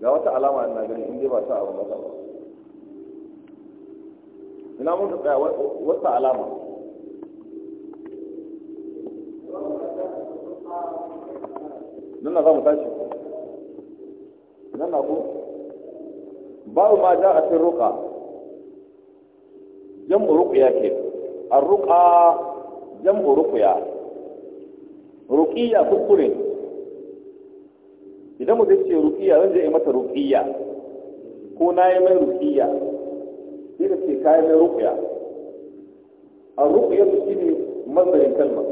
ga wata alama na gani in dai ba sa abu masa ba ina mun ka tsaya wata alama nan na za mu tashi nan na ku babu ma ja a cikin ruka jam'u ruqya ke ar-ruqa jam'u ruqya ruqiya kukurin idan mutum ce rukiya zan je yi mata rukiya ko na yi mai rukiya sai da ce kayan mai rukiya a rukiya su shi ne mazarin kalma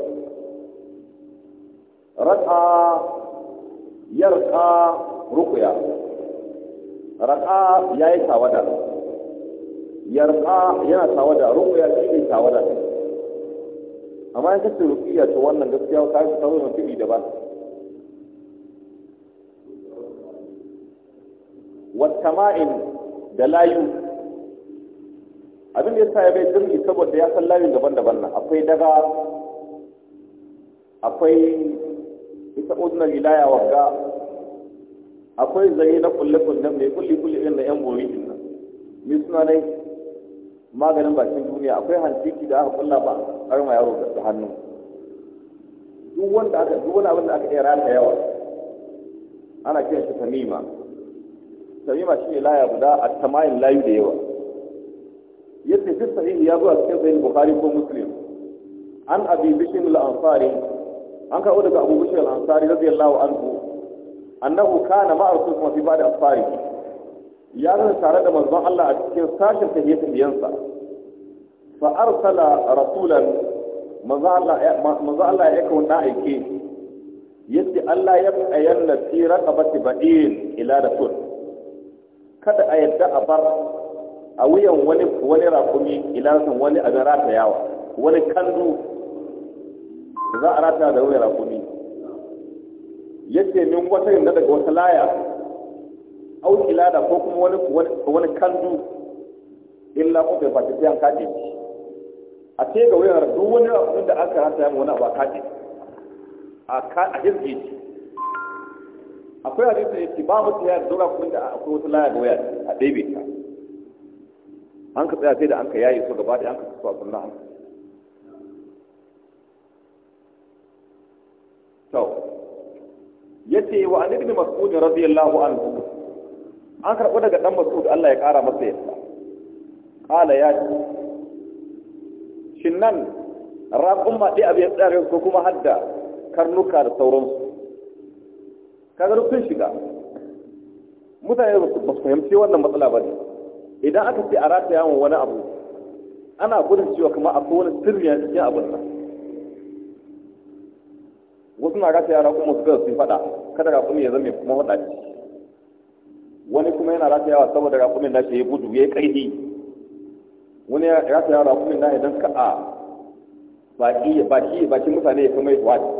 raka yarka rukiya raka ya yi tawada yarka yana tawada rukiya shi ne tawada amma ya kace rukiya to wannan gaskiya kayan su tawada mutum da ba wattama'in da layu abin da ya sa ya bai jirgi saboda ya san layu daban-daban nan akwai daga akwai ita uzunar wilaya wagga akwai zai na kulle-kulle mai kulle-kulle irin da yan bori din nan ni suna dai maganin bakin duniya akwai hantiki da aka kulla ba ma yaro da hannu duk wanda aka duk wani abin da aka iya rata yawa ana kiran shi tamima shi shine laya guda a tamayin layu da yawa yadda fi sahihi ya zo a cikin sahih bukhari ko muslim an abi bishin al-ansari an kawo daga abu bishin al-ansari radiyallahu anhu annahu kana ma'a rasul kuma fi da asfari ya zan tare da manzon Allah a cikin sashin tahiyyatiyansa fa arsala rasulan manzon Allah Allah ya kawo da aike yace Allah ya ayyana fi raqabati ba'in ila rasul kada a yadda a bar a wuyan wani wani rakumi ilasin wani abin ratayawa wani kanzu za a rata da wuyan rakumi yace min wata yin daga wata laya au da ko kuma wani wani kanzu illa ko bai ta sai an kaje a ce ga wuyan duk wani abin da aka rataya wani abu a kaje a ka a shi akwai hadisin yake ba mu tsaya da dora kuma da akwai wata laya ga waya a ɗebe ta an ka tsaya sai da an ka yaye so gaba da an ka su a sunna an to yace wa an ibn mas'ud radiyallahu anhu an karɓo daga dan mas'ud Allah ya ƙara masa yadda qala ya shin nan raƙumma dai abin tsare ko kuma hadda karnuka da sauransu kaga duk shiga mutane ba su fahimci wannan matsala ba ne idan aka ce a rataya wa wani abu ana gudun cewa kuma akwai wani sirri a cikin abin nan wasu na rataya yara kuma suka sun su faɗa kada raƙumi ya zama kuma faɗa ce wani kuma yana ratayawa saboda raƙumin na shi ya gudu ya yi ƙaihi wani ya rataya raƙumin na idan ka a baki baki bakin mutane ya kuma yi tuwaci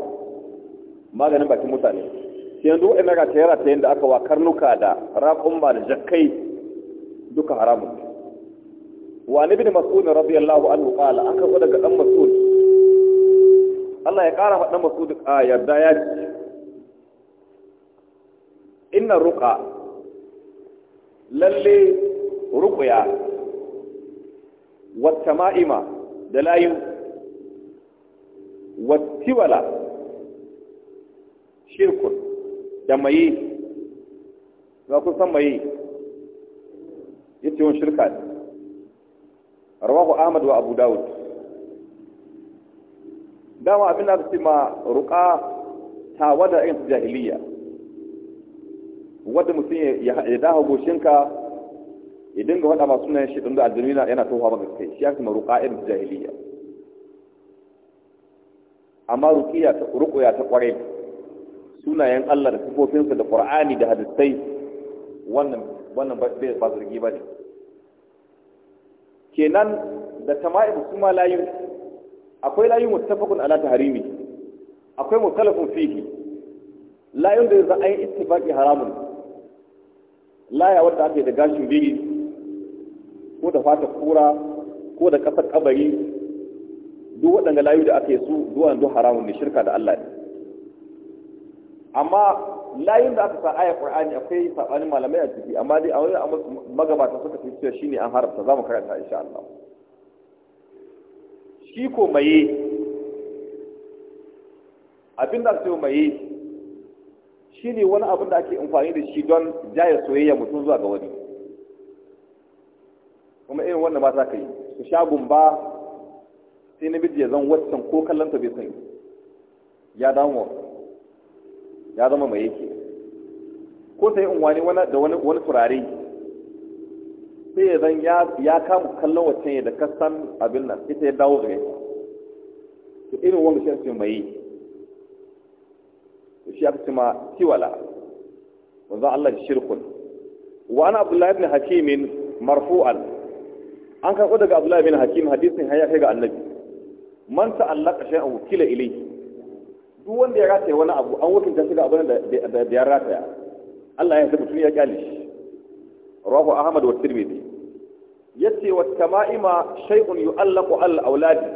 maganin bakin mutane yanzu waɗanda ga yara ta yadda aka wa karnuka da ba da jakai duka haramun wa ni bin mas'ud radiyallahu anhu qala an karɓo daga masu mas'ud Allah ya ƙara ma masu mas'ud a yarda ya ce inna ruqa lalle rukuya, wa ma'ima da layu wa tiwala shirkun da mai za ku san mai ya ce wani shirka ne rawahu ahmad wa abu dawud dama abin da su ma ruka ta wadda irin jahiliya wadda mutum ya daha goshinka ya dinga wada masu nan shi ɗin da aljirina yana tofa ba kai. shi ya kuma ruka irin jahiliya amma rukiya ta rukuya ta kwarai sunayen Allah da sifofinsa da Qur'ani da hadisai wannan wannan ba zargi bane kenan da tama'ibu kuma layu akwai layu muttafaqun ala tahrimi akwai mutalafun fihi layun da za a yi ittifaqi haramun laya wadda ake da gashin biri ko da fata kura ko da kasar kabari duk waɗanda layu da ake su duwan duk haramun ne shirka da Allah ne amma layin da aka sa aya qur'ani akwai sabanin malamai a ciki amma dai a wani magabata suka fi cewa shine an harafta zamu karanta insha Allah shi ko maye abin da ce maye shine wani abin da ake amfani da shi don jaya soyayya mutum zuwa ga wani kuma irin wannan ba za ka yi su sha gumba sai namiji ya zan waccan ko kallon ta bai sani ya damu ya zama mai yake ko sai in wani da wani wani turare sai ya zan ya kama kallon wacce da kasan abin nan ita ya dawo da yake to irin wanda shi ake mai to shi aka ce ma tiwala wanzan Allah shirkun wa ana Abdullahi ibn Hakimin marfu'an an karɓo daga Abdullahi ibn Hakim hadisin har kai ga Annabi man ta'allaqa shay'an wukila ilayhi duk wanda ya rataya wani abu an wakilta shi da abin da ya rataya Allah ya tabbata ya kyale shi rahu ahmad wa tirmidhi yace wa tama'ima shay'un yu'allaqu al auladi.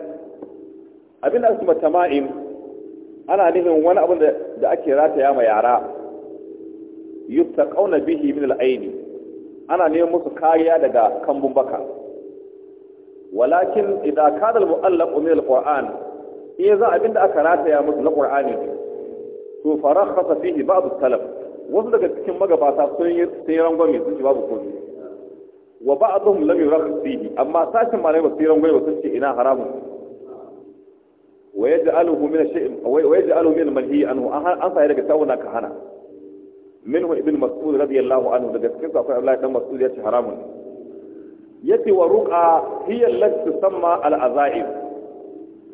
abin da kuma tama'im ana nufin wani abu da ake rataya ma yara yuttaqauna bihi min al aini ana neman musu kariya daga kambun baka walakin idza kana al mu'allaqu min al qur'an Iya ya zan abinda aka rataya musu na ƙur'ani ne to farar hasa ba babu talaf wasu daga cikin magabata sun yi rangwame sun ce babu komi wa ba a zuhun lamin rakhas fihi amma sashen malai ba su yi rangwame ba sun ce ina haramun wa ya ji aluhu min shi'in wa ya malhi anhu an sa daga tawuna ka hana minhu ibn mas'ud radiyallahu anhu daga cikin sa akwai Abdullahi dan Mas'ud ya ce haramun yace wa ruqa hiya allati tusamma al-azaib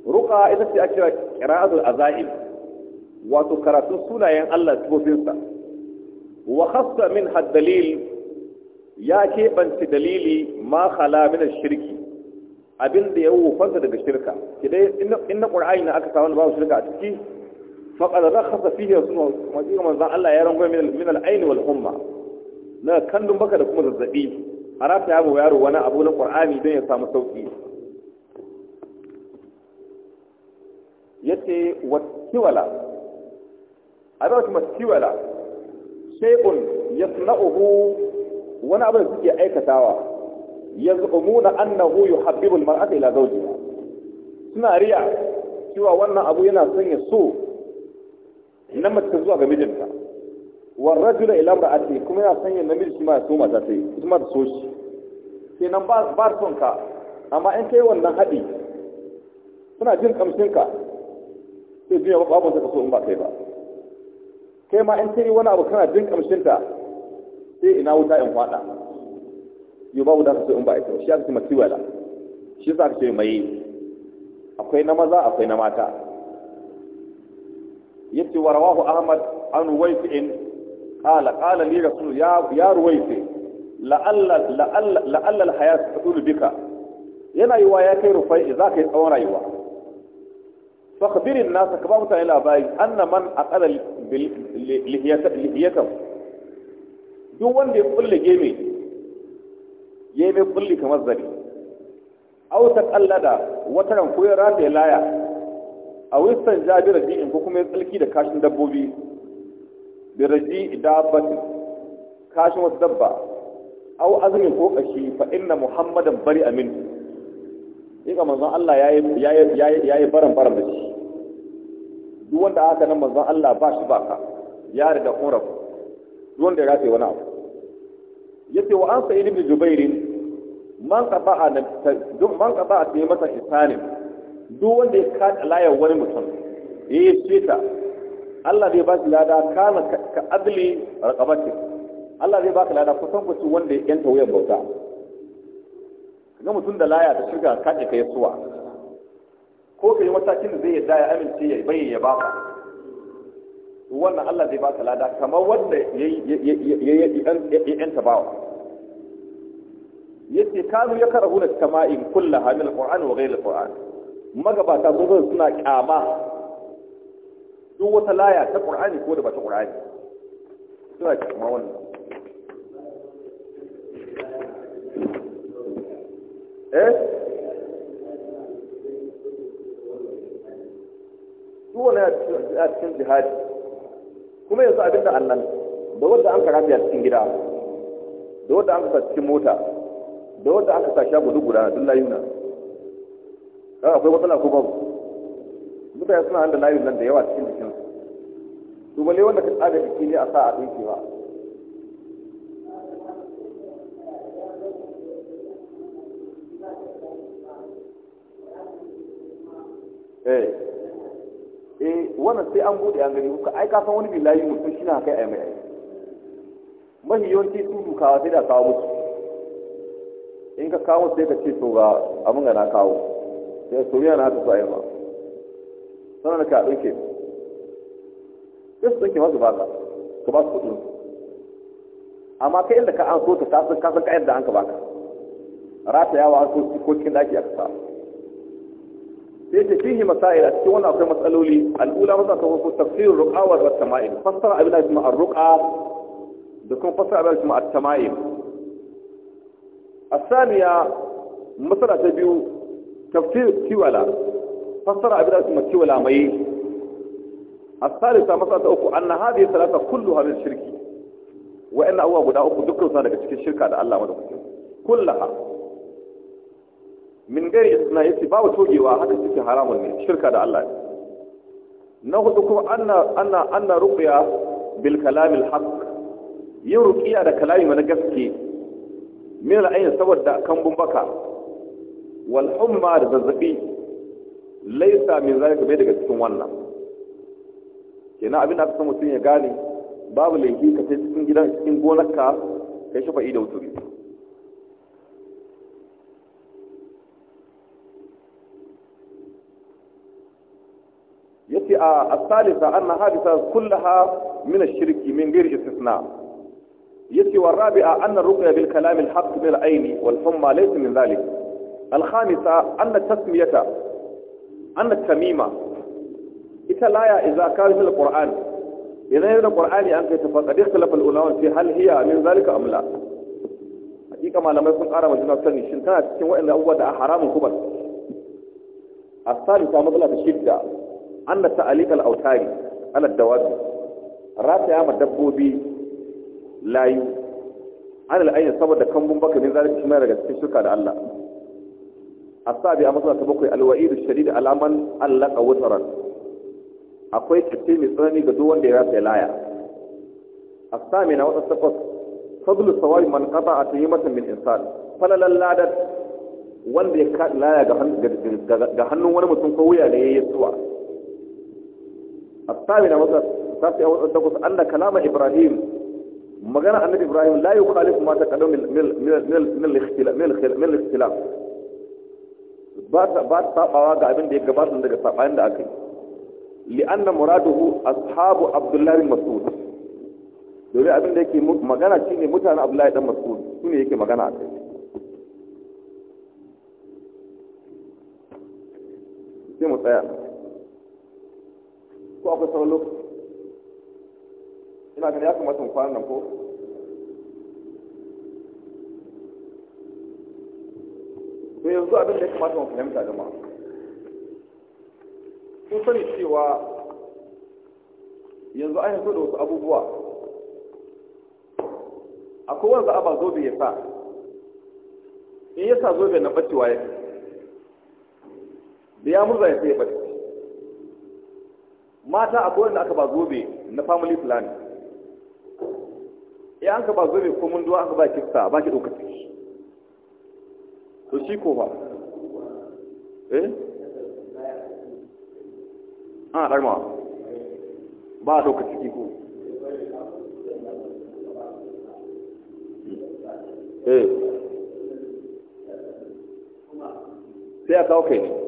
ruka ita ce ake kira'atul azaim wato karatun sunayen Allah tubofinsa wa khassa min haddalil ya keɓance dalili ma khala min shirki abin da ya wufanta daga shirka kidai in na qur'ani na aka samu babu shirka a ciki faqad rakhasa fihi rasulullah wajin manzon Allah ya rango min al-ain wal umma, na kandun baka da kuma zazzabi a rata yaro wani abu na qur'ani don ya samu sauki yace wattiwala abin wata mattiwala shay'un yasna'uhu wani abu da suke aikatawa umuna annahu yuhabbibu al-mar'ata ila zawjiha suna riya cewa wannan abu yana sanya so na mace zuwa ga mijinta war rajula ila imra'ati kuma yana sanya namiji shi ma ya so mata sai ita ma ta so shi sai nan ba ba son ka amma in kai wannan haɗi suna jin kamshin ka sai duniya ba babu zaka so in ba kai ba kai ma in sai wani abu kana jin kamshinta sai ina wuta in fada yo babu da ka so in ba ita shi aka ce masiwala shi yasa aka ce mai akwai na maza akwai na mata yace wa rawahu ahmad an waifi'in qala qala li rasul ya ya ruwaifi la'alla la'alla la'alla al-hayat tadulu bika yana yiwa ya kai rufai za ka yi tsawon rayuwa fakhbirin nasa ka ba mutane labari anna man aqala lihiyatan duk wanda ya kulle geme ya mai kulli kamar zari aw ta kallada wata ran ko ya rataye laya a wistan jabira bi'in ko kuma ya tsalki da kashin dabbobi bi raji dabbatin kashin wata dabba aw azmin ko kashi fa inna muhammadan bari amin yaka manzon Allah yayi yayi yayi baran baran da shi duk wanda aka nan manzon Allah ba shi ba ka ya riga kun duk wanda ya rafe wani abu yace wa an ibn jubair man an duk man ta yi masa isanin duk wanda ya kada alaya wani mutum shi ta Allah zai ba shi lada kana ka adli raqabati Allah zai ba ka lada kusan kusan wanda ya yanta wuyan bauta kaga mutum da laya da shiga ka kai suwa ko ka yi matakin da zai yadda ya amince ya bayyana ya baka wannan Allah zai baka lada kamar wanda ya yi yan tabawa yace kanu ya karahu na sama'in kulla hamil qur'an wa ghayr qur'an magabata sun zo suna kyama duk wata laya ta qur'ani ko da ba ta qur'ani suna kyama wannan eh a cikin jihadi kuma yanzu abin da annan da wadda an karafi a cikin gida da wadda an kasa cikin mota da wadda an kasa shago duk guda duk layuna da akwai matsala ko babu mutane suna an da layun nan da yawa cikin jikinsu to balle wanda ka tsaga jiki ne a sa a ɗinkewa wannan sai an bude an gani ka ai ka san wani billahi mutum shi na kai ai mai ai mahi yawanci su dukawa sai da kawo musu in ka kawo sai ka ce to ga abin ga na kawo sai soriya na ta su ai ma sannan ka ɗauke sai su ɗauke masu baka ka ba su kuɗin amma kai inda ka an so ta kasan san ka yadda an ka baka rata yawa an so ko cikin ɗaki aka samu sai ce fihi masaila cikin wannan akwai matsaloli al'ula masa ta wasu tafsirin ruqa wa tama'il fassara abin da kuma ar-ruqa da kuma fassara abin da kuma at-tama'il الثانية مسألة تبيو A كيولا فسر عبد الله كيولا مي الثالثة مسألة أخو أن هذه الثلاثة كلها من الشرك وإن أول أبو داوكو ذكر ذلك الشركة على الله مدوكو kullaha. min gari isna yace babu togewa haka cikin haramun ne shirka da Allah na hudu kuma anna anna anna ruqya bil kalamil haqq yin da kalami na gaske min al saboda kambun baka wal umma da zazzabi laisa min zalika bai daga cikin wannan kenan abin da aka san mutum ya gane babu laifi ka sai cikin gidan cikin gonarka kai shafa'i da wuturi الثالثة أن هذه كلها من الشرك من غير استثناء يتي والرابعة أن الرقية بالكلام الحق من العين والحمى ليس من ذلك الخامسة أن التسمية أن التميمة إتلايا إذا كان من القرآن إذا من القرآن أنك تفقد يختلف الأولون في هل هي من ذلك أم لا حقيقة ما لم يكن أرى مجنة سنة شنتات كم وإن أود أحرام كبر الثالثة مضلة شدة anna ta'alikal autari ala Rata ya ma dabbobi layu an al'ayya saboda kambun baka ne zalunci shi daga cikin shirka da Allah A asabi a masana ta bakwai alwa'idu da alaman allaka wutaran akwai tafi mai tsanani ga duk wanda ya rasa laya A asami na wata takwas fadlu sawabi man yi atayimatan min insan falalan ladar, wanda ya kaɗa laya ga hannun wani mutum ko wuya ne ya yi suwa الثامنة تسعة تقول أن كلام إبراهيم مجانا أن إبراهيم لا يخالف ما تقدم من من الاختلاف من الاختلاف بات بات سابوا ga abin da ya gabata daga sabanin da aka yi li'anna muraduhu ashabu abdullahi bin mas'ud dole abin da yake magana shine mutanen abdullahi dan mas'ud sune yake magana akai sai mu tsaya ko akwai sauran lokaci ina gani ya kamata mu fara nan ko to yanzu abin da ya kamata mu fahimta ma Sun sani cewa yanzu an yanzu da wasu abubuwa akwai wanda Aba ba zobe ya sa in ya sa zobe na bacewa ya da ya murza ya sai ya bace mata akwai da aka ba zobe na family plan ya an ka ba zobe ko mun duwa aka ba kista ba ki ɗaukar ciki to shi ko ba eh ah ɗarma ba a ɗaukar ciki ko eh sai aka okay kai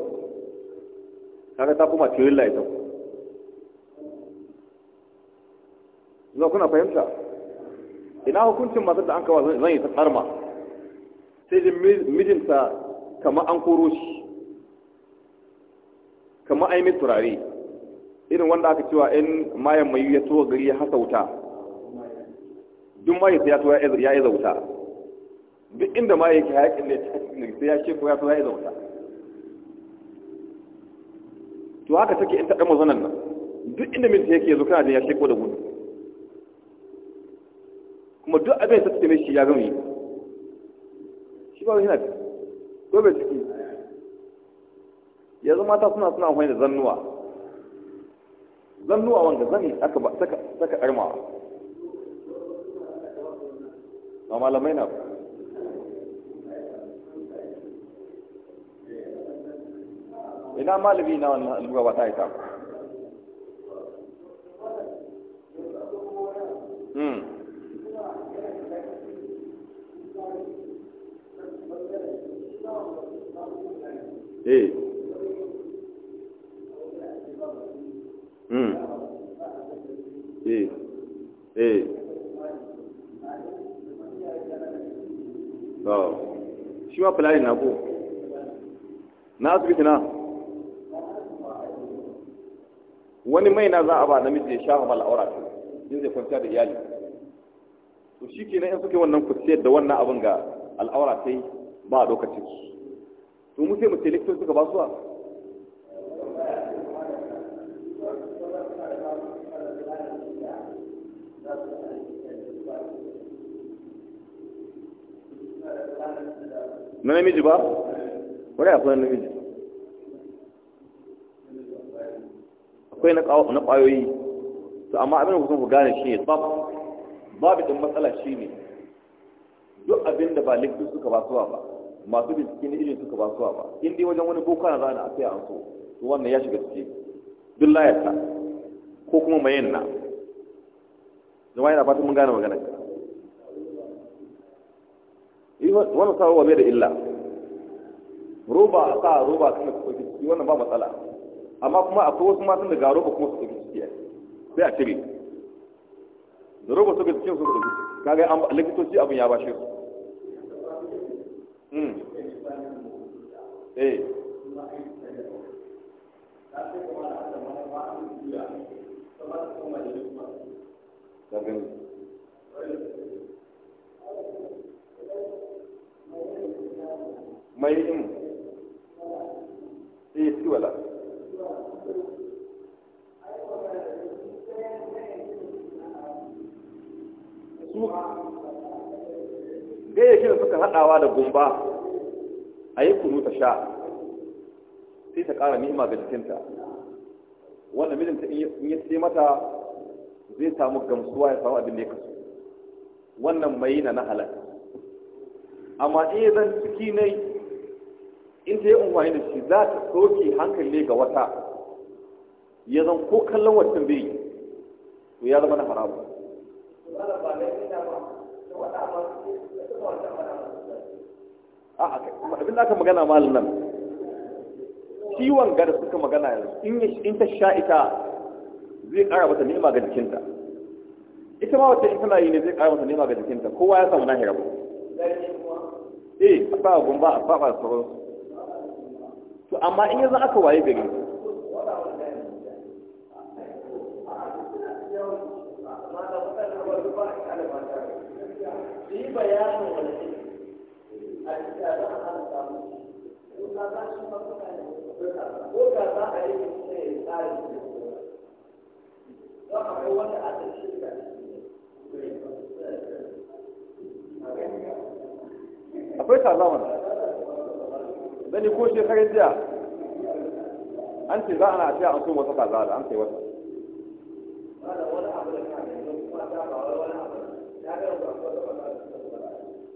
kaga ta kuma ita. ko zuwa kuna fahimta ina hukuncin matar da an kawo zan yi ta tsarma sai jin mijinta kama an koro shi kama an yi turare irin wanda aka cewa in mayan mai ya tuwa gari ya hasa wuta duk mayan ya tuwa ya yi zauta duk inda mayan ke hayakin ne sai ya ce ko ya tuwa ya yi zauta to haka take in taɗa mazanan nan duk inda mijinta yake yanzu kana jin ya sheko da gudu abin ta tsaye shi ya gama yi shi ba yana ko bai ciki yanzu mata suna suna hanyar da zannuwa zannuwa wanda zani aka ba saka saka arma ba malamai na ba ina malami na wannan albuwa ba ta yi ta fulani na ko na asibiti na wani mai na za a ba namiji ya shafa mala aura ta in zai kwanciya da iyali to shi na in suke wannan kurciyar da wannan abin ga al'aura ta ba a ɗaukar to mu sai mu ce likitoci suka ba su na namiji ba wani akwai na namiji akwai na kwayoyi to amma abin da kusan ku gane shi ne babu babu ɗin matsala shi ne duk abin da ba likita suka ba suwa ba masu bincike na irin suka ba suwa ba inda yi wajen wani boka na zana a sai an so su wannan ya shiga ciki duk layarta ko kuma mayan na zama yana fatan mun gane maganar wani sa sawa mai da illa roba a sa roba kan su ɗauki ciki wannan ba matsala amma kuma akwai wasu matan da ga roba kuma su ɗauki ciki sai a cire da roba su ga cikin su ɗauki ciki kaga an likitoci abin ya ba shi hmm. eh mai imu eh, sai ya ci wala su gayyakin da suka haɗawa da gumba a yi kunu ta sha sai ta ƙara nima ga jikinta wanda mijinta in ya ce mata zai samu gamsuwa ya samu abin da ya kasu wannan mai na na halal amma iya zan ciki ne in ta umarni unwani da shi za ta soke hankali ga wata ya zan ko kallon wancan bai yi to ya zama na haramu abin da aka magana malin nan ciwon gada suka magana yanzu in ta sha ita zai kara mata ni'ima ga jikinta ita ma wata in tana yi ne zai kara mata ni'ima ga jikinta kowa ya samu nahira ba eh ba gumba ba ba sauransu to amma in yanzu aka waye gari akwai ta zamana zane ko shekarun jiya an ce za a na a an so wata kaza da an sai wata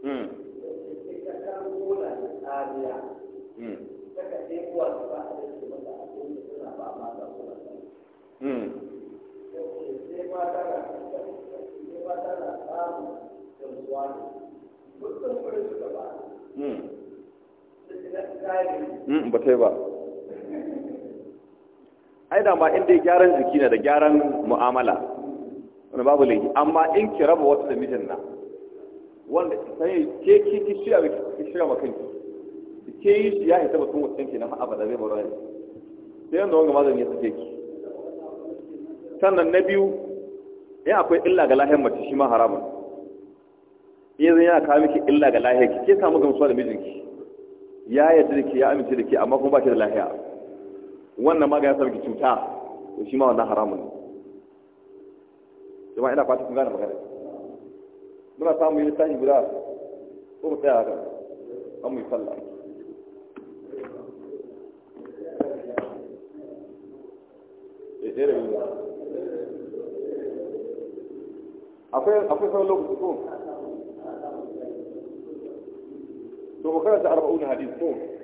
hmm. Hmm. Hmm. ba ta yi ba ai da ma inda gyaran jiki na da gyaran mu'amala wani babu laifi amma in ki raba wata da mijin na wanda sai ke ki ki shirya ki shirya ma kanki ke yi shi ya hita ba wasan ki na ma da zai baro ne sai yanda wanga mazan ya sake ki sannan na biyu ya akwai illa ga lahiyar mace shi ma haramun in zai yana kawo miki illa ga lahiyar ki ke samu gamsuwa da mijinki ya yadda da ke ya amince da ke amma kuma ba ki da lahiya wannan ma ga ya sarki cuta to shi ma wannan haramun ne jama'a ina kwata kun gane magana muna samu yi lissafi guda ko mu tsaya haka an mu yi sallah eh, akwai akwai sauran lokaci ko to mu karanta arba'un hadith ko